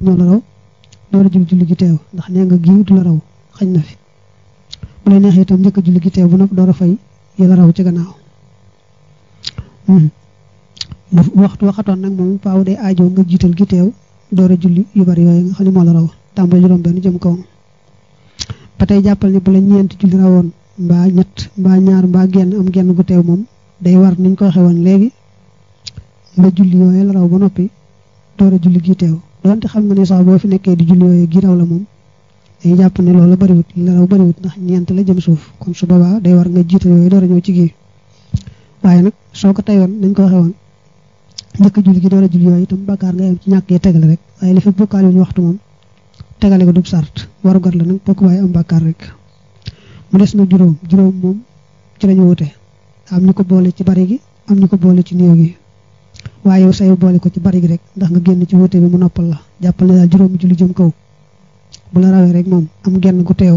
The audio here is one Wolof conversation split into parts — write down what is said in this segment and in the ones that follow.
moo la raw door a jug julli gi ndax nee nga giiwut la raw xañ na fi bu la neexee itam njëkk a julli gi teew bu door a fay yi raw ci gannaaw hmm. bu waxtu waxatoon nag moom faaw day aajoo nga gi teew door a julli bari yooyu raw tàmbali juróom benn jëm kaw ba tey jàppal ni bu la ñeenti julli rawoon mbaa ñett mbaa genn am genn gu day war niñ ko léegi nga ba noppi doore a julli gi teew donte xam nga ne sax boo fi nekkee di julli yooyu raw la moom day jàpp ne loola bariwut la raw bariwut ndax ñeent la jëm suuf kon su boobaa day war nga jiitu yooyu door a ñëw ci gii waaye nag soo ko teyoon dañ ko waxee woon njëkk julli gi door a julli yooyu itam bàkkaar nga yem ci ñàkk tegale rek waaye li fi bokkaal yu ñu waxtu moom tegale ko du sart warugar la nag bokk waaye am bàkkaar rek mu des na juróom juróom moom ci lañu wute am ñu ko boole ci bari gi am ñu ko boole ci néew gi waaye yow say boole ko ci bari gi rek ndax nga génn ci wóote bi mu noppal la jàppale ne daal juróomi julli jëm kaw bu la rawee rek moom am genn gu teew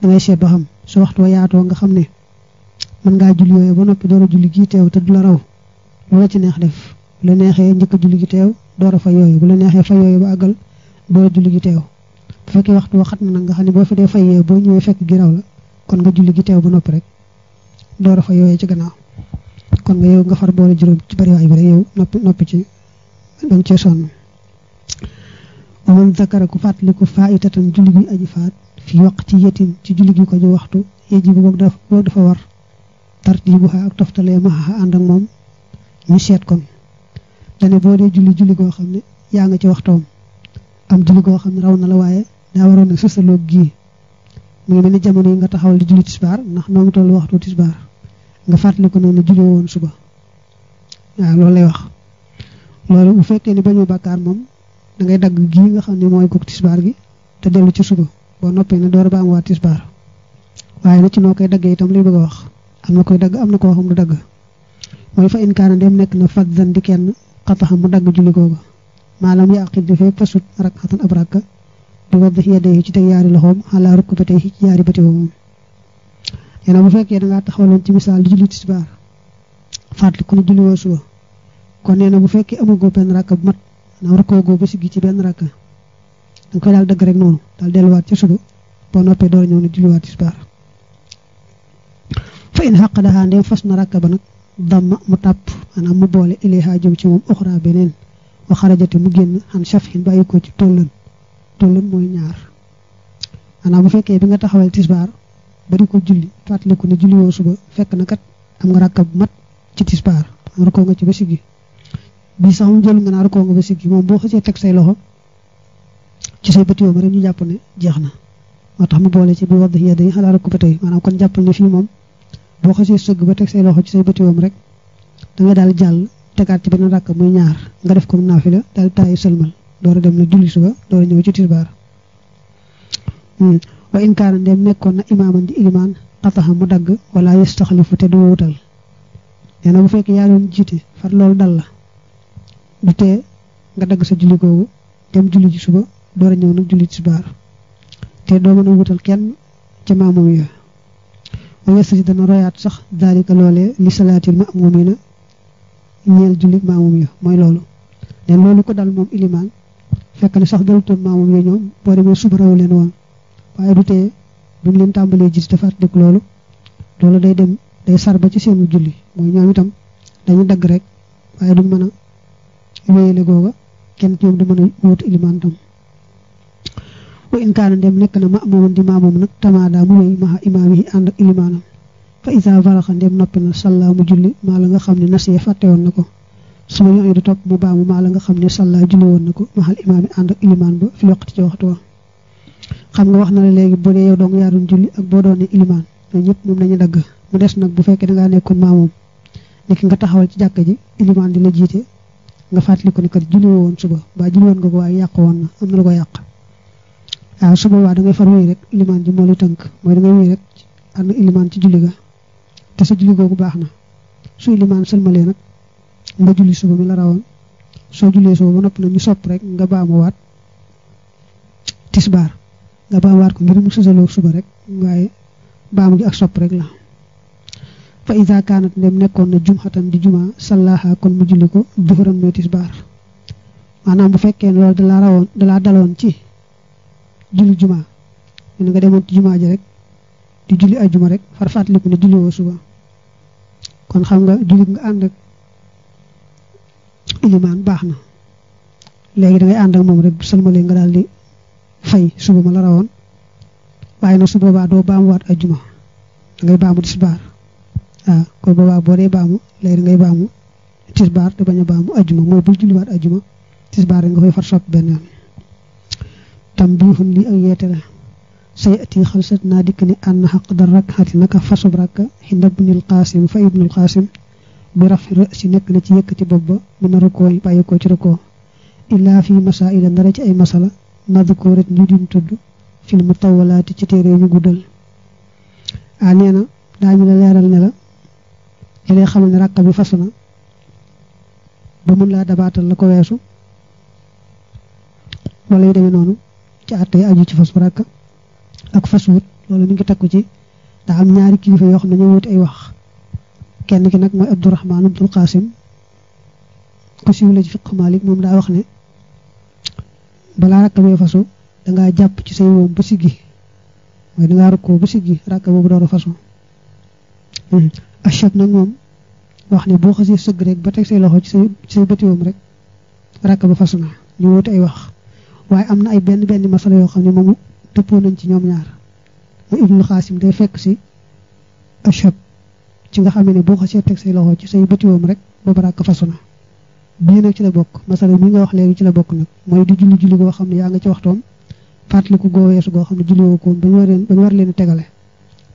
da ngay seet ba xam su waxtu wa yaatoo nga xam ne mën ngaa julli yooyu ba noppi door a julli gi teew te du la raw lu ci neex def bu la neexee njëkk julli gi teew door fa yooyu bu la neexee fa yooyu àggal door a julli teew bu fekkee waxtu wa xat na nag nga xam ne boo fi dee fay yooyu boo ñëwee fekk gi raw la kon nga julli gi teew ba noppi rek doora fa yooyu ci gannaaw kon nga yow nga far boole juróom ci bariwaay bi rek noppi noppi ci bañ cee sonn moom zakara ku fàttaliku faa itatan julli bi aji faat fi wax ci yetin ci julli gi ko ñu waxtu yeji bu boog dafa boog dafa war tartibu ak toftalee ma ànd ak moom ñu seet kon dane boo dee julli julli goo xam ne yaa nga ci waxtoom am julli goo xam ne raw na la waaye daa waroon a sësaloog gii mu ngi mel ni jamono yi nga taxawal di julli tisbaar ndax noo ngi toll waxtu tisbaar nga fàttali ko noonu julli woon suba waaw loolu lay wax loolu bu fekkee ni bañu bàkkaar moom da ngay dagg gii nga xam ne mooy kooku tisbaar gi te dellu ci suba boo noppee ne door ba am waa tisbaar waaye na ci noo koy daggee itam liy bëgg ko wax am na koy dagg am na koo xam du dagg mooy fa inkaana dem nekk na fat zan di kenn xataxam mu dagg julli googu maalam yaa aqid dafay pasut rakatan ab rakka di wadd yadde yi ci teg yaari loxoom xalaa rukk ba tey ci yaari yéen bu fekkee da ngaa taxawaloon ci misaal di julli tisbaar fàttaliku ne julli woo suba kon nee na bu fekkee amagoo benn rakka bu mat maanaam rakkoo goo ba siggi ci benn rakka danga koy daal dëgg rek noonu daal delluwaat ca suba boo noppee door ñëw ne julliwaat tisbaar fa in xaq daxaa fas na rakk ba nag damma mu tàpp maanaam mu boole ilayha jëm ci moom oxra beneen waxarajate mu génn xan safin bàyyi ko ci tollan tollan mooy ñaar maanaam bu fekkee bi nga taxawal tisbaar ba ko julli fàttaliku ne julli woo suba fekk na kat am nga rakka bu mat ci tisbaar rakoo nga ci ba siggi bii sax mu jël nga naa rakoo nga ba siggi moom boo xësee teg say loxo ci say bët yoom rek ñu jàpp ne jeex na moo tax mu boole ci bi wadd yedday xalaa rakku ba tey maanaam kon jàppal ne fii moom boo xësee sëgg ba teg say loxo ci say bët yoom rek da nga daal jàll tegaat ci benn rakk muy ñaar nga def comme naafila daal taayu sëlmal door a dem na julli suba door a ñëw ci tisbaar hmm. wa in kaana ndem nekkoon na imaaman di ilimaan xataxa mu dagg wala yastaxlifu te du wutal nee bu fekkee yaa doon jiite far loolu dal la du nga dagg sa julli googu dem julli ci suba door a ñëw nag julli ci doo mën kenn ca maamum ya wa yasri dana royaat sax daalika loolee li salaatil ma'muumiina ñeel jullit maamum ya mooy loolu leen loolu ko dal moom ilimaan fekk ne sax dalutoon maamum ya ñoom boo demee suba raw leen woon waaye du tee buñ leen tàmbalee jiite te fàttaliku loolu loolu day dem day sar ba ci seenu julli mooy ñoom itam dañu dagg rek waaye du mën a wéyale googa kenn ci ñoom du mën a ilimaan tam dem nekk na ma amoon di maamoom nag tamaada mu wéy maha imaam yi ànd ak ilimaanam fa isa faraxa ndem noppi na salla mu julli maa la nga xam ne nasiya fàtte woon na ko su ma yooyu du topp mu baamu maa la nga xam ne salla julli woon na ko mahal imaam yi ànd ak ilimaan ba fi waqti ci waxtu wa xam nga wax na la léegi boo dee yow dong yaa julli ak boo doonee ilimaan ñooñu ñëpp moom lañu dagg mu des nag bu fekkee da ngaa nekkoon maamoom nekk nga taxawal ci jàkk ji ilimaan di la jiite nga fàttali ko ni kat julli woon suba ba julli woon nga ko waaye yàq woon na am na lu ko yàq waaw su boobaa da ngay far wéy rek ilimaan ji moo lay tënk mooy da ngay wéy rek ànd ilimaan ci julli ga te sa julli googu baax na su ilimaan sëlmalee nag nga julli suba mi la rawoon soo jullee suba ba noppi na ñu sopp rek nga baamuwaat tisbaar nga baamaat ko ngir mu sësaloo suba rek waaye baamu gi ak sopp rek la fa isa kaanat ndem nekkoon na jumxatan di juma sallaha kon mu julli ko duhuram muy tisbaar bu fekkee ne lool dalaa rawoon dalaa daloon ci julli juma ne nga demoon jumaa ji rek di julli ay juma rek far fàttaliku ne julliwoo suba kon xam nga julli nga ànd ak ilimaan baax na léegi da ànd ak moom rek bu salmalee nga daal di fay suba ma la rawoon waaye nag su boobaa doo waat ajjuma da ngay baamu tisbaar waaw kon boobaa boo dee baamu léegi ngay baamu tisbaar te bañ a baamu ajjuma mooy bul julliwaat ajjuma tisbaar nga koy far soppi benn yoon. lii ak yeete la say ati xalsat naa dikk ne ànd xaq dara rek xati naka fasub rakk xinda bunil xaasim fa ibnul xaasim bi raf si nekk na ci yëkkati bopp ba mën a rukkoo bàyyi ko ci rukkoo illaa fii masaa ila ndara ci ay masala madkurat ñu juñ tudd fil mutawalaati ci téere ñu guddal a nee na daañu la leeral ne la li lay xamal ne ràkka bi fas na ba mun laa dabaatal la ko weesu wala yu demee noonu ci àtte aju ci fas bu ràkka ak fas wut loolu mi ngi takku ci daa am ñaari kilifa yoo xam ne ñoo ay wax kenn ki nag mooy Abdourahman Abdoul Qasim ku siiw la ci fiq Malik moom daa wax ne balaa rakka bee fasu dangaa jàpp ci say moom ba siggi mooy dangaa rukkoo ba siggi rakka boobu door a fasu hmm. achot nag moom wax ne boo xasee sëgg rek ba teg say loxo ci say say bëtiwoom rek rakka ba fasu na ñu wax waaye am na ay benn benn masala yoo xam ne moomu dëppoo nañ ci ñoom ñaar mu day fekk si achot ci nga xam ne boo xasee teg say loxo ci say bëtiwoom rek boobu rakka fasu na bii nag ci la bokk masala mi nga wax léegi ci la bokk nag mooy di julli julli goo xam ne yaa nga ci waxtoom fàttaliku goo weesu goo xam ne julli woo ko ba ñu war leen ba ñu tegale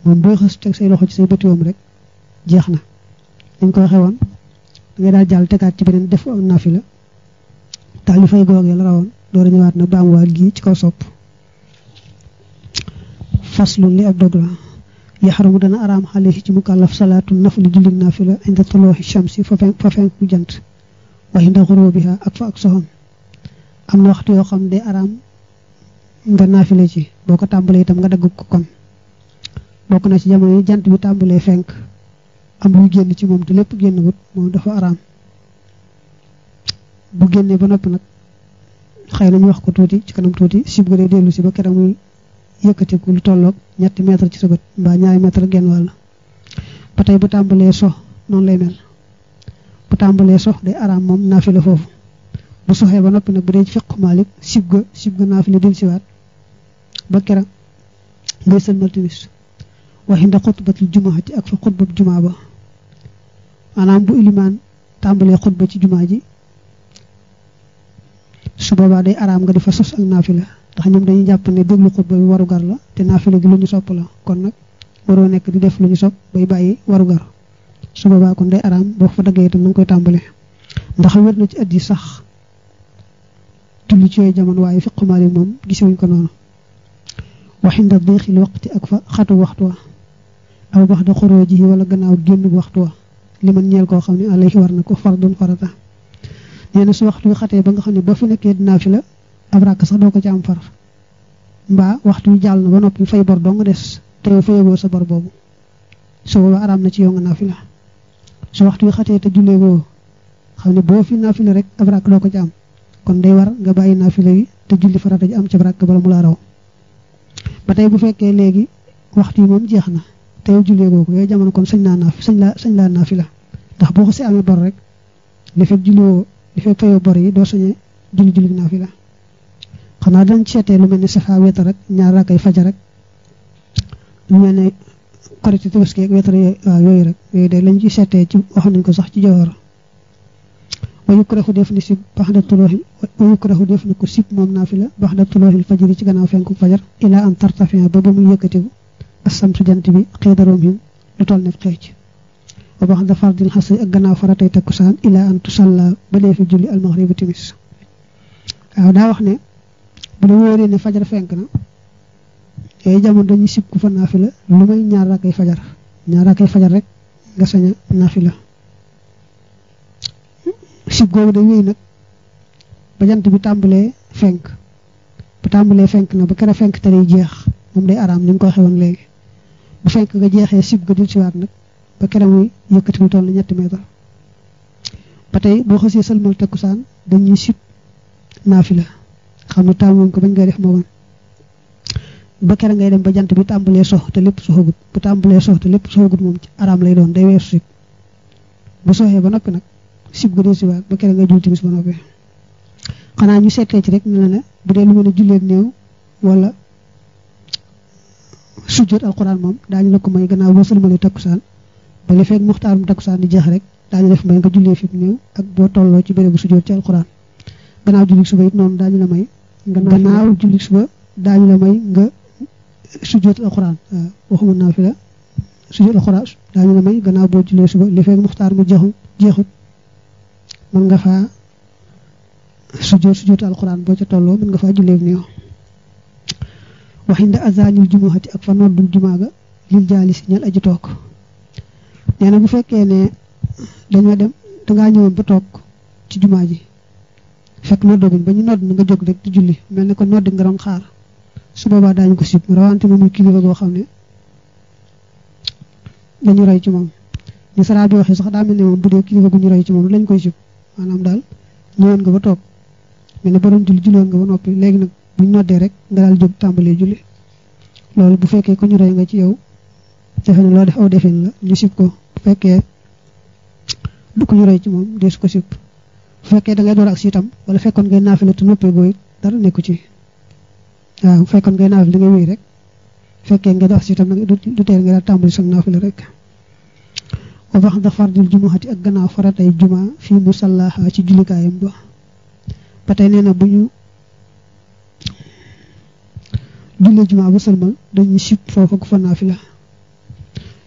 moom booy xës teg say loxo ci say bët yoom rek jeex na dañ ko waxee woon dangay daal jàll tegaat ci beneen def am nafila taal yu fay googee la rawoon door a ñëwaat nag baamuwaat gi ci kaw sopp faslu li ab dog la yaxaramu dana araam xale ci mukallaf salaatu nafli julli nafila inda tolooxi jant wa ndax xurubiha ak fa ak soxam am na waxtu yoo xam day araam nga naafile ci boo ko tàmbalee itam nga dagg ko kon bokk na ci jamono yi jant bi tàmbalee fenk am luy génn ci moom te lépp génn wut moom dafa araam bu génnee ba noppi nag na nañu wax ko tuuti ci kanam tuuti sib ga dee dellu si ba keroog muy yëkkatiku lu tolloog ñetti mètre ci sa bët mbaa ñaari mètre genn wàll ba tey bu tàmbalee soo noonu lay mel bu tàmbalee sox day araam moom naafila foofu bu soxee ba noppi nag bu dee ci fiqu Maalik sib ga sib ga naafila del siwaat ba kera ngay sëlmal timis waxi nda xutbatul ci ak fa jumaa ba maanaam bu ilimaan tàmbalee xutba ci jumaa ji su boobaa day araam nga di fa sos ak la ndax ñoom dañuy jàpp ne déglu xutba bi warugar la te naafila gi lu ñu sopp la kon nag waroo nekk di def lu ñu sopp bay bàyyi warugar su boobaa kon day araam boo ko fa daggee itam na koy tàmbale ndax wér na ci at yi sax julli ci yooyu jamono waaye fiqu Maalik moom gisewuñ ko noonu waxinda déexil waqti ak fa xatu waxtu wa aw bax da xoroo ji wala gannaaw génn waxtu wa li man ñeel koo xam ne alayhi war na ko fardun farata nee na su waxtu yu xatee ba nga xam ne ba fi nekkee dinaa fi la ab ràkk sax doo ko ci am far mbaa waxtu yu jàll na ba noppi fay bor doo nga des te fayagoo sa bor boobu su boobaa araam na ci yow nga su waxtu wi xatee te jullee goo xam ne boo fi naafile rek ab rakk doo ko ci am kon day war nga bàyyi naafile yi te julli farata ji am ci rakk bala mu laa raw ba tey bu fekkee léegi waxtu yi moom jeex na te yow jullee goo ko yooyu jamono kon sañ naa naaf sañ laa sañ laa naafila ndax boo xasee amee bor rek li fekk julliwoo li fekk fayoo bor yi doo sañee julli julli naafila xanaa dañ seetee lu mel ni safaa wetar rek ñaar rakkay fajar rek xaritu tabaski ak wetar yooyu rek yooyu de lañ ci seetee ci wax nañ ko sax ci jawar wa yukrahu def ni sib baxda tulooxi wa yukrahu def ni ko sib moom naa fi la baxda tulooxil fajiri ci gannaaw fenku fajar ilaa an tartafin ba ba muy yëkkatiku assamtu jant bi xiidaroom him lu toll ne xeec wa baxda fardil xasri ak gannaaw faratay takkusaan ilaa an tusalla ba dee fi julli almaxribu timis waaw daa wax ne bu la wóoree ne fajar na yooyu jamono dañuy sib ku fa naafila lu may ñaar rakkay fajar ñaar rakkay fajar rek nga sañ a naafila sib googu day wéy nag ba jant bi tàmbalee fenk ba tàmbalee fenk na ba kere fenk te day jeex moom day araam ni ñu ko waxee léegi bu fenk nga jeexee sib ga dul siwaat nag ba kere muy yëkkati mu toll ñetti meetar ba tey boo xasee sëlmal takkusaan dañuy sib la xam ne taamu ko bañ nga def moo ba kere ngay dem ba jant bi tàmbalee sox te lépp soxagut bu tàmbalee sox te lépp soxagut moom ci araam lay doon day weesu sib bu soxee ba noppi nag sib ga dee si waat ba kere ngay jul timis ba noppi xanaa ñu seetlee ci rek ne la ne bu dee lu mën a julleeg néew wala sujjóot alquran moom daañu la ko may gannaaw boo sëlmalee takkusaan ba li fekk muxtaarum takkusaan di jeex rek daañu def may nga jullee fi ak boo tolloo ci bérébu sujjóot ci alquran gannaaw julli suba it noonu daañu la may gannaaw julli suba daañu la may nga sujjóot alxuraan euh, waxuma la sujjóot alxuraan daañu la may gannaaw boo jullee suba li fekk muxtaar mu jeexu jeexut mën nga faa sujjóot sujjóot alxuraan boo ca tolloo mën nga faa julleeb néew waxinda azaanil jumuhati ak fa noddul jumaa ga lil jaalis ñal aji toog nee na bu fekkee ne dañoo dem dangaa ñëwoon ba toog ci jumaa ji fekk noddoguñ ba ñu nodd na nga jóg rek di julli mel ni ko noddi nga doon xaar su boobaa daañu ko sib rawante bu muy kilifa goo xam ne dañu roy ci moom ni saraa bi waxee sax daa mel ne moom bu dee kilifa gu ñu roy ci moom lañ koy sib maanaam daal ñëwoon nga ba toog mel ne borom julli julloon nga ba noppi léegi nag bu ñu noddee rek nga daal jóg tàmbalee julli loolu bu fekkee ku ñu roy nga ci yow defe loo def aw defin la sib ko bu fekkee du ko ñu ci moom deesu ko sib bu fekkee da ngay door ak si itam wala fekkoon ngay naafila te noppee booy dara nekku ci waaw bu fekkoon ngay naafila da ngay wéy rek bu fekkee nga dox si itam du teel nga daal tàmbali sa naafila rek wa bax da fardil jumaati ak gannaaw faratay juma fii musallaaha ci jullikaayam ba ba tey nee na bu ñu jullee juma ba sëlmal dañuy sib foofa ku fa naafila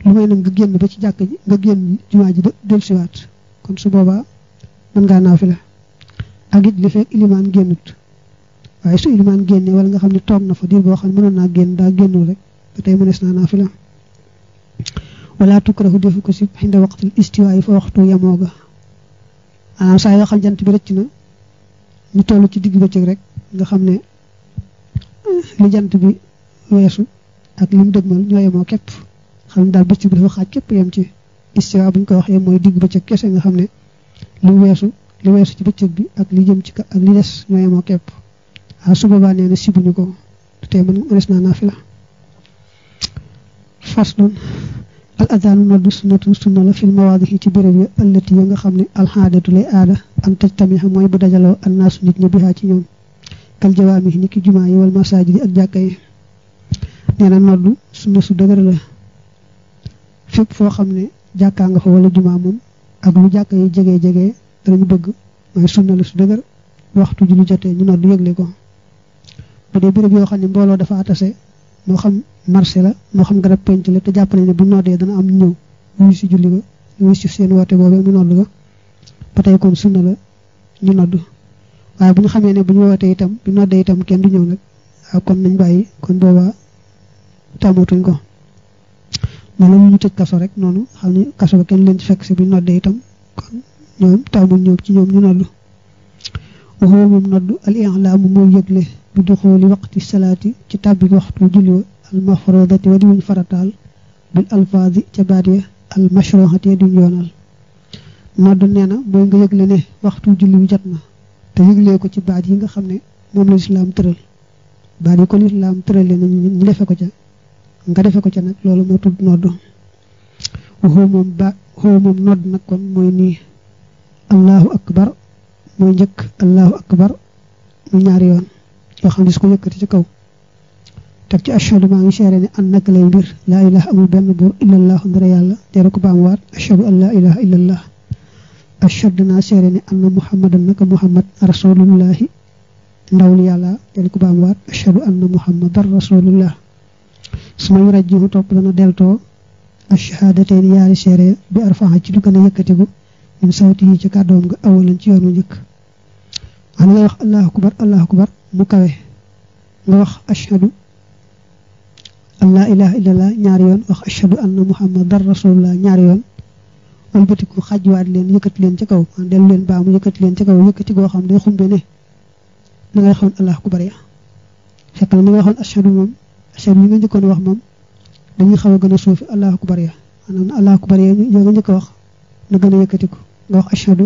lu may nag nga génn ba ci jàkk ji nga génn jumaa ji dellusiwaat kon su boobaa mën ngaa naafila ak it li fekk ilimaan génnut waaye su ilimaan génne wala nga xam ne toog na fa diir boo xam ne mënoon naa génn daa génnul rek ba tey mënees naa naafila wala tukrahu defu ko si xinda waqtil istiwaay fa waxtu yamoo ga maanaam saa yoo bi rëcc na ñu toll ci digg bëccëg rek nga xam ne eh, li bi weesu ak li mu dëgmal ñoo yemoo képp xam daal bëccëg bi dafa yem ci istiwa bu ñu ko waxee mooy digg bëccëg kese nga xam ne li weesu li weesu ci bëccëg bi ak li jëm ci ak li des ñoo yemoo képp ah su boobaa nee na sibuñu ko du tee mën mënees naa naafila faslun al adanu noddu sunnatu sunna la fil mawaadihi ci béréb yi ëllëti yi nga xam ne alxaadatu lay aada an taj tamit mooy bu dajaloo an naasu nit ñi bihaa ci ñoom kal jawaami yi ni ki jumaa yi wal masaajid yi ak jàkka yi nee na noddu sunna su dëgër la fépp foo xam ne jàkkaa nga fa wala jumaa moom ak lu jàkka yi jege jege danañu bëgg mooy sunna la su dëgër waxtu ji lu jotee ñu noddu yëgle ko bu dee béréb yoo xam ne mbooloo dafa atase moo xam marché la moo xam garab penc la te jàpp nañ ne bu noddee dana am ñëw wuyu si julli seen woote boobee mu nodd ga ba tey kon sunna la ñu nodd waaye bu ñu xamee ne bu ñu wootee itam bu noddee itam kenn du ñëw nag waaw kon nañ bàyyi kon booba tàmmatuñ ko noonu la ñu tëj kaso noonu xam ne kaso ba kenn leen ci fekk si bu noddee itam kon ñoom tàmmuñ ci ñoom ñu nodd waxoo moom nodd bi duxooli waqti salaati ci tàbbi waxtu julli wa al mafrodati wa di wuñ farataal bil alfaadi ca baat ya al mashruhati ya duñ yoonal noddu nee na mooy nga yëgle ne waxtu julli jot na te yëglee ko ci baat yi nga xam ne moom la lislaam tëral baat yi ko lislaam tëralee na ñu defe ko ca nga defe ko ca nag loolu moo tudd noddu waxoo moom nodd nag kon mooy nii allahu akbar mooy njëkk allahu akbar mu ñaari yoon yoo xam ko yëkkati ci kaw teg ci ashadu maa ngi seere ne an naka lay mbir laa ilaha amul benn buur illallah ndara yàlla teera ko baam waat ashadu an laa ilaha illallah ashadu naa seere ne anna muhammadan naka muhammad rasulullahi ndaw li yàlla teera ko baam waat ashadu anna muhammadan rasulullah su ma yurajjihu topp dana deltoo ashhaadatayn yaari seere bi arfaxa ci lu gën a yëkkatigu min sawti yi ci kàddoom nga awalan ci yoonu njëkk wax allahu bu kawe nga wax ashhadu an laa ilaha illallah ñaari yoon wax ashhadu anna muhammadan rasulullah ñaari yoon xaj waat leen yëkkati leen ci kaw man dellu leen baamu yëkkati leen ci kaw yëkkati goo xam day xumbe ne la ngay waxoon allah ku bari fekk na li nga waxoon ashhadu moom ashhadu yi nga njëkkoon wax moom dañuy xaw ne gën a suufi allah ku bari maanaam allah bari yoo nga njëkk wax na gën a yëkkatiku nga wax ashhadu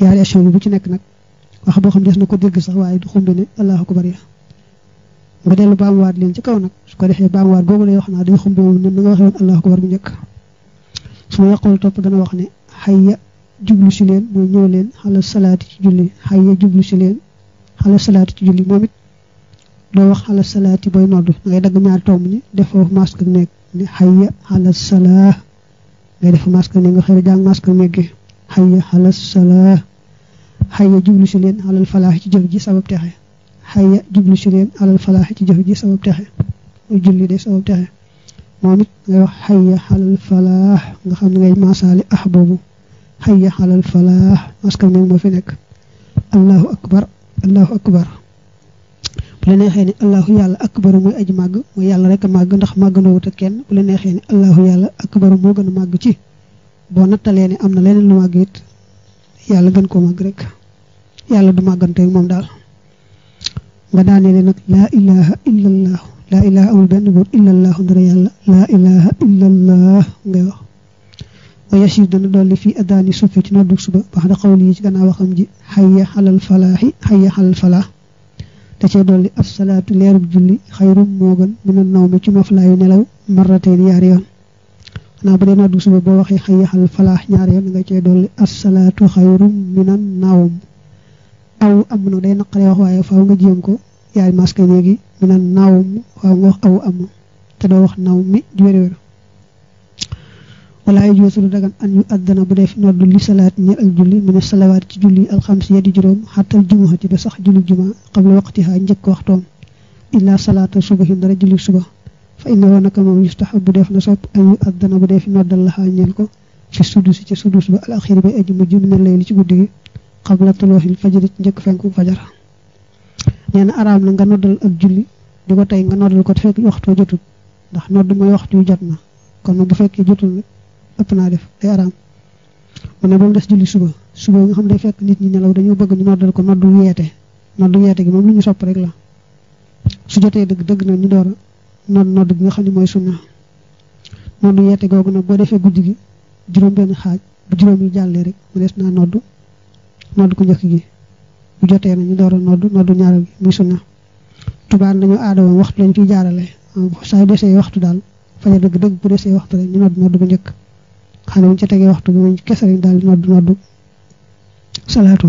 yaari ashhadu bu ci nekk nag waa boo xam des na ko dégg sax waaye du xumbe ne allahu akbar ya nga dellu baamuwaat leen ci kaw nag su ko defee baamuwaat googu lay wax naa day xumbe moom nen na nga waxee woon allahu akbar bu njëkk su ma yàqool topp dana wax ne xayya jublu si leen mooy ñëw leen xala salaati ci julli xayya jublu si leen xala salaati ci julli moom it doo wax xala salaati booy nodd ngay dagg ñaari tomb ñi def foofu nekk ne xayya xala salaa ngay def maska ne nga xëy jàng masque nekk xayya xala salaa xayya jublu si leen alal falaax ci jëf ji sabab texe xayya jublu si leen alal falaax ci jëf ji sabab texe muy julli de sabab moom it ngay wax xayya alal falaax nga xam ne ngay maasaale ax boobu xayya alal falaax askan nag moo fi nekk allahu akbar allahu akbar bu la neexee ni allahu yàlla akbaru muy aji màgg mooy yàlla rek màgg ndax màgg ndoowut kenn bu la neexee ni allahu yàlla akbaru moo gën a màgg ci boo nattalee ni am na leneen lu màgg it yàlla gën koo màgg rek yàlla du màgganteeg moom daal nga daaneele nag laa ilaha illallah laa ilaha amul benn buur illallah ndara yàlla laa ilaha illallah ngay wax wa yashir dana dolli fii addaani suufe ci noddu suba wax da xawli yi ci gannaaw waxam ji xayya xalal falaaxi xayya xalal falaax da cee dolli ab salaatu leerub julli xayrum moo gën mina ci noflaayu nelaw marrateen yaari yoon xanaa bu dee noddu suba boo waxee xayya xalal falaax ñaari yoon nga cee dolli as salaatu aw am na day naqare wax waaye faaw nga jéem ko yaay maska léegi mu naan naaw mu faaw nga wax aw am te doo wax naw mi di wér wér wala yu joosu lu dagan an yu àddana bu def noddu li salaat ñeel ak julli mu ne salawaat ci julli alxams ya di juróom xàttal jumaa ci ba sax julli jumaa qabla waqtihaa njëkk waxtoom illaa salaata subahin dara julli suba fa inna woon naka moom yustaxab bu def na sopp an yu àddana bu def noddal laxaa ñeel ko fi sudus ci sudus ba al axiri bay aji mujj mu ne ci guddi gi xabla tuluuxil fajri ci njëkk fenku fajar nee na araam na nga noddal ak julli di ko tey nga noddal ko fekk waxtoo jotul ndax nodd mooy waxtu yu jot na kon nag bu fekkee jotul nag ëpp naa def day araam ne ba mu des julli suba suba nga xam day fekk nit ñi nelaw dañoo bëgg ñu noddal ko noddu yeete noddu yeete gi moom lu ñu sopp rek la su jotee dëgg dëgg na ñu door a nodd nodd gi xam ne mooy sunna noddu yeete googu nag boo defee guddi gi juróom benn xaaj bu juróom yi jàllee rek mu des naa noddu nodd ku njëkk gi bu jotee nañu door a nodd noddu ñaareel gi muy sunna tubaan dañu waxtu lañ ciy jaarale saa desee waxtu daal fajar dëgg dëgg bu desee waxtu rek ñu nodd nodd bu njëkk xam ne bu ñu waxtu bi mu kese rek daal nodd nodd salaatu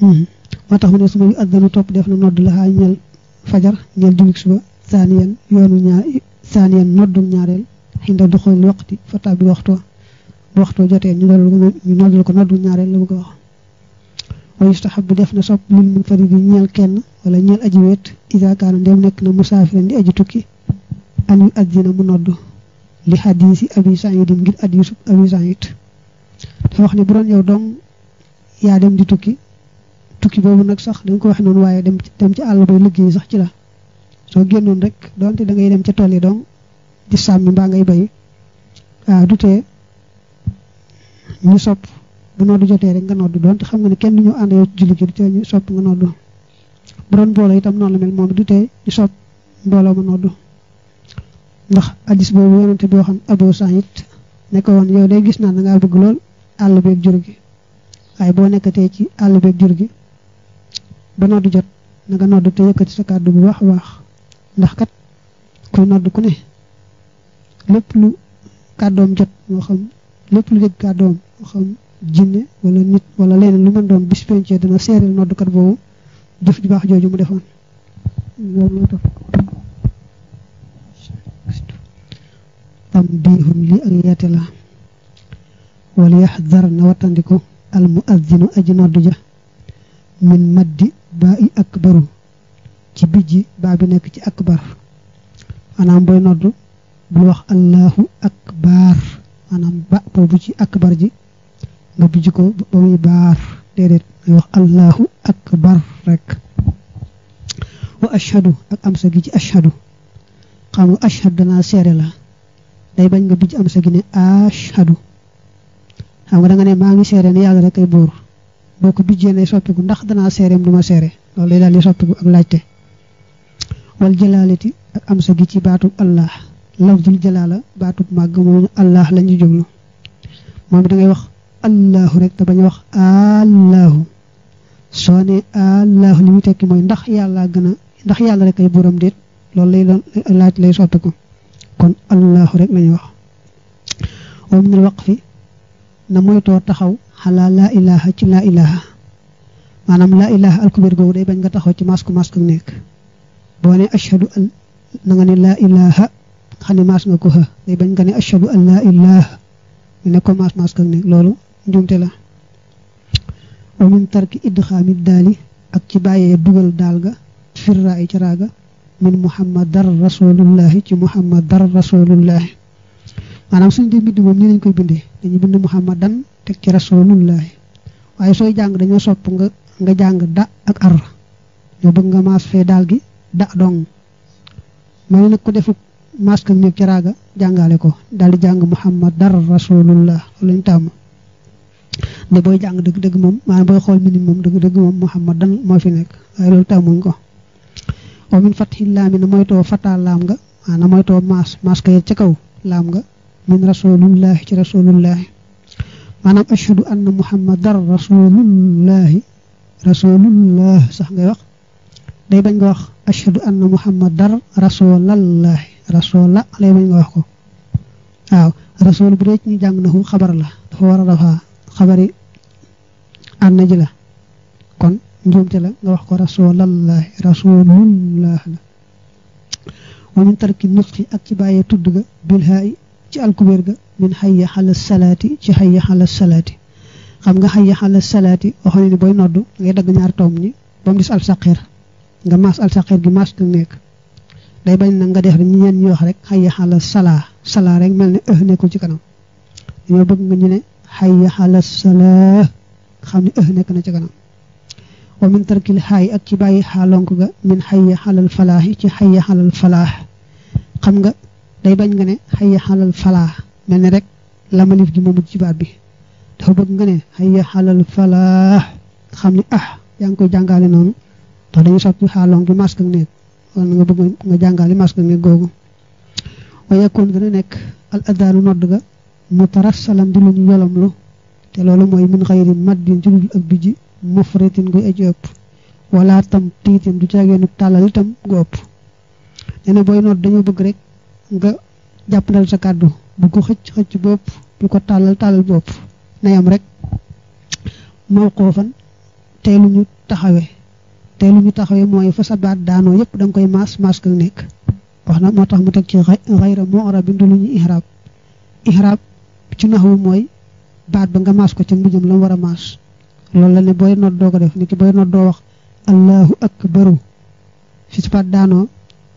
hmm. moo tax mu ne suma yu addanu topp def na nodd la xaa fajar ñeel jullit suba saaniyan yoonu ñaar saaniyan noddum ñaareel xinda duxul waxti fa tàbbi waxtu bu waxtu jotee ñu noddal ñu noddal ko noddul ñaareel la bëgg a wax wa yustahabu def na sopp lil munfaridi ñeel kenn wala ñeel aji wet isa kaana ndem nekk na musaafiran di aji tukki an yu addina mu nodd li xadiisi abi sayid ngir hadiisu abi sayid dafa wax ne bu doon yow dong yaa dem di tukki tukki boobu nag sax dañ ko wax noonu waaye dem dem ci àll bay liggéey sax ci la soo génnoon rek donte dangay dem ca tool yi dong di sàmmi mbaa ngay bay waaw ñu sopp bu noddu jotee rek nga noddu doon te xam nga ne kenn du ñu ànd yow ci julli gi te ñu sopp nga noddu bu doon mbooloo itam noonu la mel moom du tee ñu sopp mbooloo ma noddu ndax addis boobu yonente boo xam Abu Saïd ne ko woon yow day gis naa da ngaa bëgg lool àll beeg jur gi waaye boo nekkatee ci àll beeg jur gi ba noddu jot na nga noddu te yëkkati sa kàddu bu baax waax ndax kat kuy noddu ku ne lépp lu kàddoom jot moo xam lépp lu dégg kàddoom xam jinne wala nit wala leneen lu mën doon bis pencee dana seereel noddukat boobu jëf ju baax jooju mu defoon loolu li ak yeete la wala yaxdar na wattandiku al mu addinu aji noddu ja min maddi baa i akbaru ci bijji baa bi nekk ci akbar maanaam booy noddu bul wax allahu akbar maanaam ba boobu ci akbar ji nga ko ba muy wax allahu akbar rek wa ashhadu ak amsa gi ci ashhadu xam nga ashhadu danaa seere la day bañ nga bijj amsa gi ne ashhadu xam nga nga ne maa ngi seere ne yàlla rek ay buur boo ko bijjee ne soppiku ndax danaa seereem du seere loolu lay daal di soppiku ak laajte wal jalaalati ak amsa gi ci baatu allah lafdul jalaala baatub màgg moomu allah la ñu jublu moom da ngay wax allahu rek te bañ wax allahu soo ne allahu li muy tekki mooy ndax yàlla gën ndax yàlla rek ay borom déet loolu lay doon laaj lay sotti ko kon allahu rek la ñuy wax wa minal waqfi na moytoo taxaw xalaa laa ilaha ci laa ilaha maanaam laa ilaha alkubéer googu day bañ nga taxaw ci maasku masku nekk boo ne ashhadu an ne laa ilaha xam ne maas nga ko xa day bañ nga ne ashadu an laa ñu ne ko maas maas ko ne loolu njuumte la wa min tarki idxaami daali ak ci bàyyee dugal daal ga firra yi ci raaga min muhammadar rasulullahi ci muhammadar rasulullahi maanaam suñ dee bind moom nii lañ koy bindee dañuy bind muhammadan teg ci rasulullahi waaye sooy jàng dañoo sopp nga nga jàng da ak ar ñoo bëgg nga maas fee daal gi da dong ma ne ko defuk maskam ñëpp ci raaga jàngale ko daal di jàng muhammad dar rasulullah lañ tàmm ne booy jàng dëgg-dëgg moom maanaam booy xool minim moom dëgg-dëgg moom muhammad dan moo fi nekk waaye loolu tàmmuñ ko wa min laami na mooy too fataa laam nga waa na mooy too maas maas ka yet ca kaw laam nga min rasulullahi ci rasulullahi maanaam ashhadu anna muhammadar rasulullahi rasulullah sax ngay wax day bañ nga wax ashhadu anna muhammadar rasulallahi rasul la lay bañ nga wax ko waaw rasul bu dee ci ñu jàng na hu xabar la dafa war a dafa xabari ànna ji la kon njuumte la nga wax ko rasulallahi rasulullah la wa min tarki nutqi ak ci bàyyee tudd ga ci alkubeer ga min hayya ala salaati ci hayya ala salaati xam nga hayya ala salaati waxoon ne ni booy noddu ngay dagg ñaar toom ñi ba mu alsaqir nga maas alsaqir gi maas du nekk day bañ nag nga def ñi ñeen ñuy wax rek xayya xala salaa salaa rek mel ne ëh nekkul ci kanam bëgg nga ñu ne xayya xala nekk na ci kanam wa min ci bàyyi xaalonk ga min xayya xalal falaax ci xayya xalal falaax xam nga day bañ nga ne xayya xalal falaax mel ne rek lamalif gi moomut ci baat bi dafa bëgg nga ne xayya xalal falaax xam ne ah yaa ngi koy jàngale noonu ndax dañu soppi xaalonk gi masque ak nekk wala nga bëgg nga jàngale masque mi googu wa yakun gën a nekk al adaalu nodd ga mutarassalan di lu ñu yolomlu te loolu mooy min xayri maddin ci dul ak bijji mufratin guy aji ëpp wala tam tiitin du caageenu tàllal itam gu ëpp nee booy nodd dañoo bëgg rek nga jàppandal sa kàddu bu ko xëcc xëcc bopp bu ko tàllal tàllal bopp nayam rek mawqoofan lu ñu taxawe te lu ñu taxawee mooy fa sa baat daanoo yëpp da nga koy maas maas ko nekk wax na moo tax mu teg ci xayra moo arab bindu lu ñu ihraab ihraab ci naxwu mooy baat ba nga maas ko ca mbujam la mu war a maas lool la ne booy noot doo ko def ni ki booy noot doo wax allahu akbaru fi sa daanoo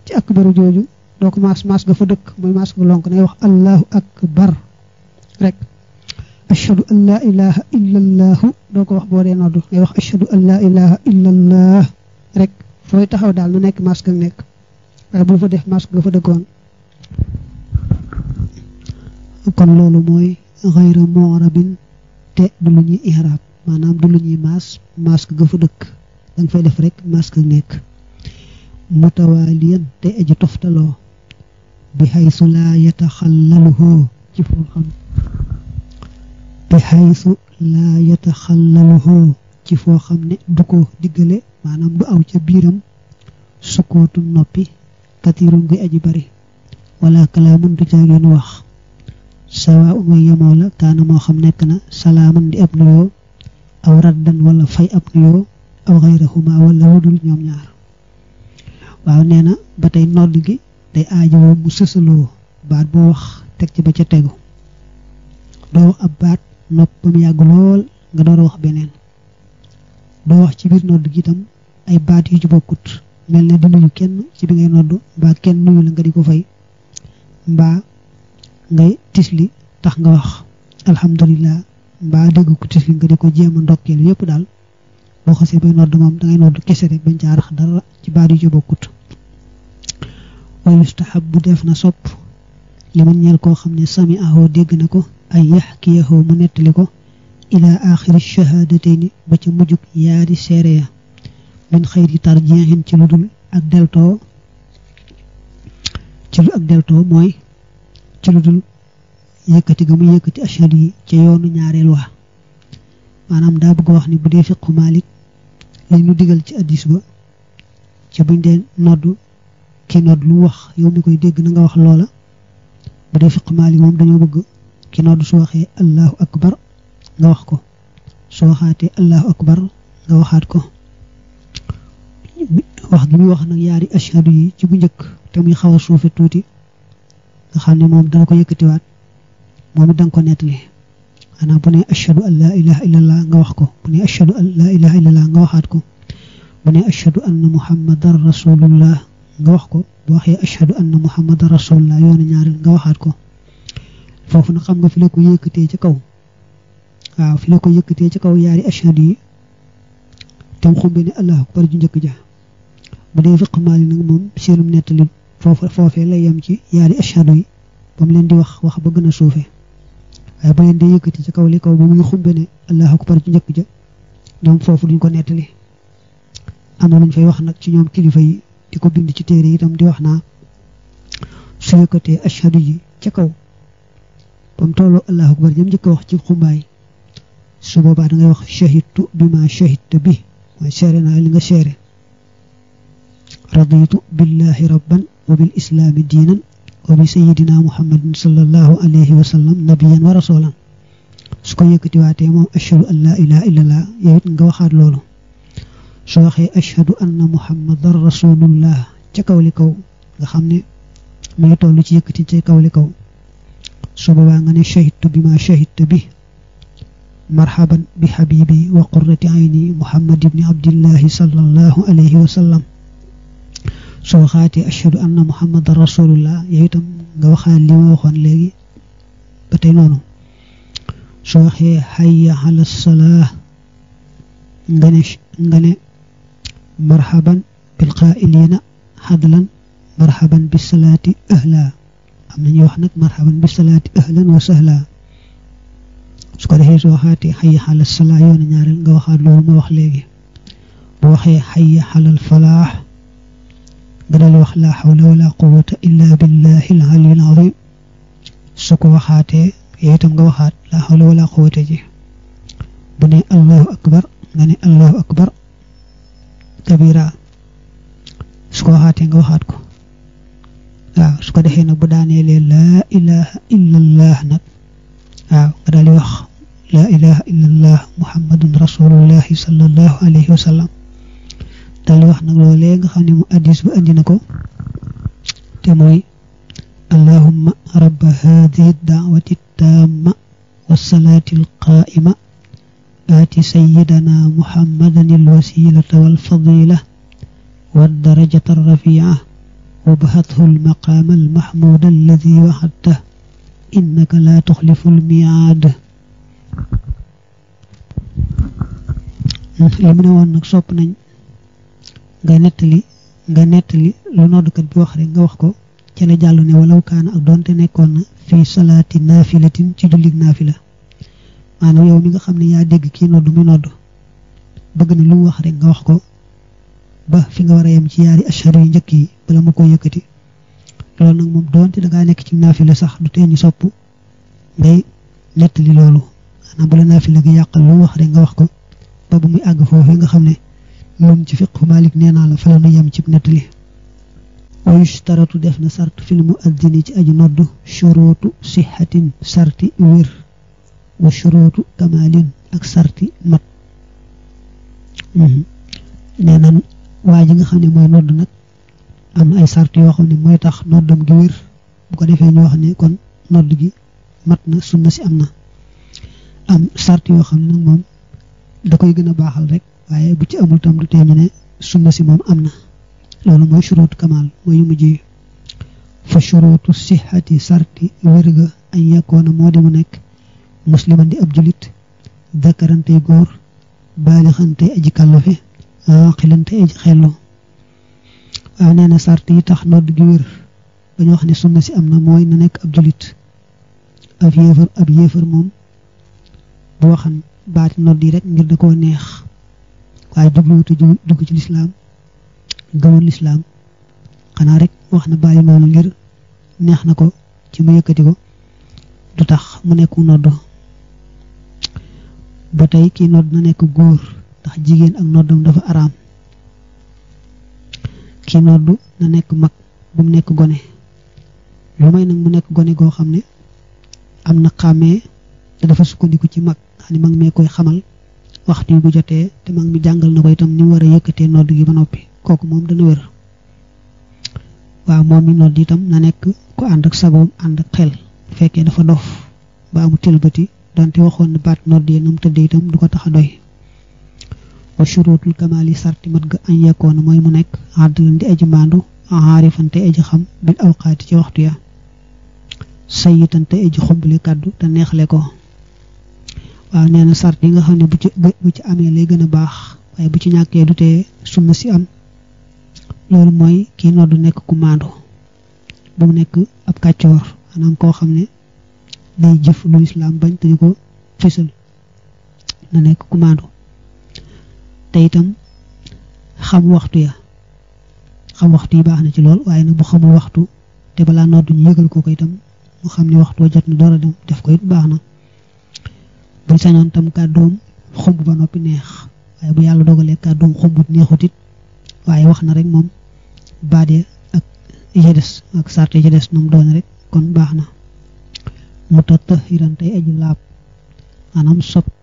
ci akbaru jooju doo ko maas maas ga fa dëkk mooy maas ko lonk ne wax allahu akbar rek ashhadu an laa doo ko wax boo dee noddu ngay wax ashhadu an laa rek fooy taxaw daal lu nekk masque nga nekk wala bul fa def masque nga fa dëkkoon loolu mooy xayra moorabin maanaam du maas masque nga fa def rek masque nga nekk mutawaaliyan te aji toftaloo bi xaysu laa yataxallaluhu ci foo xam bi xaysu laa yataxallaluhu ci foo xam ne du ko diggale maanaam du aw ca biiram sukkootu noppi katiirum gi aji bari wala kalaamun du caageen wax sawa umay yemoo la kaana moo xam nekk na salaaman di ab nuyoo aw raddan wala fay ab nuyoo aw xayrahuma wala wudul ñoom ñaar waaw nee na ba tey nodd gi day aajowoo mu sësaloo baat boo wax teg ci ba ca tegu doo wax ab baat nopp yàgg lool nga door a wax beneen doo wax ci biir nodd gi itam ay baat yu ci bokkut mel ne di nuyu kenn ci bi ngay nodd mbaa kenn nuyu la nga di ko fay mbaa ngay tisli tax nga wax alhamdulilah mbaa dégg ko tisli nga di ko jéem a ndokkeel yépp daal boo xasee bay nodd moom dangay nodd kese rek bañ caa dara ci baat yu ci bokkut wa yustahab bu def na sopp li man ñeel koo xam ne sami ahoo dégg na ko ay yaxkiyahu mu nettali ko ilaa aaxiri shahadatayni ba ca mujjug yaari seere ya min xëyri tarjihin ci lu dul ak deltoo ci lu ak deltoo mooy ci lu dul yëkkati ga mu yëkkati ashhad yi ca yoonu ñaareel waa maanaam daa bëgg wax ni bu dee fiqu Maalik li ñu digal ci addis ba ci buñ dee nodd ki nodd lu wax yow mi koy dégg na nga wax loola bu dee fiqu Maalik moom dañoo bëgg ci nodd su waxee allahu akbar nga wax ko su waxaatee allahu akbar nga waxaat ko wax gi muy wax nag yaari ashhadu yi ci bu njëkk te muy xaw a suufe tuuti nga xam ne moom dana ko yëkkatiwaat moom it danga ko nettali xanaa bu ne ashhadu an laa ilaha illallah nga waxko ko bu ne ashhadu an laa ilaha illallah nga waxaat ko bu ne ashhadu anna muhammadan rasulullah nga wax ko bu waxee ashhadu anna muhammadan rasulullah yoonu ñaareel nga waxaat ko foofu na xam nga fi la ko yëkkatee ci kaw waaw fi la ko yëkkatee ci kaw yaari ashhadu yi te mu xumbe ne allahu akbar ju njëkk ja bu dee fiq maali nag moom seenum nettali foofu foofee lay yem ci yaari ashhadu yi ba mu leen di wax wax ba gën a suufe waaye ba leen di yëkkati ci kaw li kaw ba muy xumbe ne allahu akbar ju njëkk ja ñoom foofu duñ ko nettali am na luñ fay wax nag ci ñoom kilifa yi di ko bind ci téere itam di wax naa su yëkkatee ca kaw ba mu tolloo allahu akbar jëm njëkk a wax ci xumbaay su boobaa da ngay wax shahidtu bi seere naa li nga seere raditu billahi rabban wa bil islaami diinan wa bi sayidina muhammadin sallallahu alayhi wa sallam nabiyan nga waxaat loolu su waxee ashhadu anna muhammadan rasulullah ca kaw nga xam ne mu ngi toll ci yëkkati ca kaw su boobaa nga ne shahidtu bi ma shahidta bi bi habibi wa qurrati ayni muhammad ibni abdillahi sallallahu alayhi wa soo waxaatee ashhadu anna muhammadan rasulullah yow itam nga waxaat li waxoon léegi ba tey soo waxee hayya ala salaa nga ne nga bil qaa'ilina hadlan marhaban bis salaati ahla am nañuy wax nag marhaban bi ahlan wa sahla su ko defee soo waxaatee xayya xalal salaa yoon ñaareel waxaat loolu ma wax léegi boo waxee xayya xalal falaax nga wax laa xawla wala quwata illa billahi al aliyil azim su ko waxaatee yow nga waxaat laa xawla wala quwata ji bu allahu akbar nga allahu akbar kabira su ko waxaatee nga waxaat ko waaw su ko defee nag bu daaneelee laa ilaha illallah nag waaw nga daal di wax laa ilaha alayhi wa sallam wax nag loolee nga xam ne mu addis bi andi na ko te mooy allahumma rabba hadihi daawati taamma wasalaati alqaa'ima aati sayyidana muhammadan alwasilata walfadila والدرجة الرفيعة وابهته المقام المحمود الذي وعدته إنك لا تخلف الميعاد li mu ne woon nag sopp nañ nga nettali nga nettali lu noddukat bi wax rek nga wax ko ca la jàll ne walaw kaana ak doonte nekkoon na fii salaati naafilatin ci jullig naafila maanaam yow mi nga xam ne yaa dégg kii noddu mi noddu bëgg na lu wax rek nga wax ko ba fi nga war ci yaari ashar yu njëkk yi bala ma koo loolu nag moom doonte da ngaa nekk ci naafila sax du tee ñu sopp ngay nettali loolu maanaam bala naafila gi yàq lu wax rek nga wax ko ba bu muy àgg foofu nga xam ne moom ci fiqhu Maalik nee naa la fa la nu yem ci nettali wa yustaratu def na sart fil muaddini ci aju nodd shuruutu sixatin sarti wér wa shuruutu kamalin ak sarti mat mhm. nee nan nga xam ne mooy nodd nag am na ay sart yoo xam ne mooy tax noddam gi wér bu ko defee ñu wax ni kon nodd gi mat na sunna si am na am sart yoo xam ne moom da koy gën a baaxal rek waaye bu ci amul tam du tee ñu ne sunna si moom am na loolu mooy shuruut kamaal mooy yu mujj yi fa shuruutu sixati sarti wér ga añ yàkkoona moo di mu nekk musliman di ab julit dakkarante góor baalixante aji kàllafe aqilante aji xello waaw nee na sart yi tax nodd gi wér ba ñu wax ne sunna si am na mooy na nekk ab julit ab yéefar ab yéefar moom bu waxan baati nodd yi rek ngir da koo neex waaye jubluwutu dugg ci lislaam gëmul lislaam xanaa rek wax na bàyyi loolu ngir neex na ko ci mu yëkkati ko du tax mu nekku nodd ba tey kii nodd na nekk góor ndax jigéen ak noddam dafa araam kii noddu na nekk mag bu mu nekk gone lu may nag mu nekk gone goo xam ne am na xàmmee te dafa sukkandiku ci mag xani mag mee koy xamal waxtu yu bu jotee te mag mi jàngal na ko itam ni war a yëkkatee nodd gi ba noppi kooku moom dana wér waaw moom mi nodd itam na nekk ku ànd ak sagoom ànd ak xel bu fekkee dafa dof ba amu tëlbati donte waxoon na baat nodd yi nam tëdd itam du ko tax a doy wa shurutul kamaali sarti mat ga añ yakkoon mooy mu nekk àddalan di aji maandu aarifan te aji te aji xumbali ko waaw nee na sart yi nga xam ne bu ci bu ci amee lay gën a baax waaye bu ci ñàkkee du tee suma si mooy kii nodd nekk ku maandu bu mu nekk ab kàccoor maanaam koo xam ne day jëf lu islaam bañ te di ko fësal na nekk ku maandu te itam xam waxtu ya xam waxtu yi baax na ci lool waaye nag bu xamul waxtu te balaa noddu ñu yëgal ko ko itam mu xam ne waxtu wa jot na door a dem def ko it baax na buñ kàddoom xumb ba noppi neex waaye bu yàlla dogalee kàddoom xumbut neexut it waaye wax na rek moom baade ak ja des ak sarte ja des nam doon rek kon baax na mu tattahiran tey aji laab maanaam sopp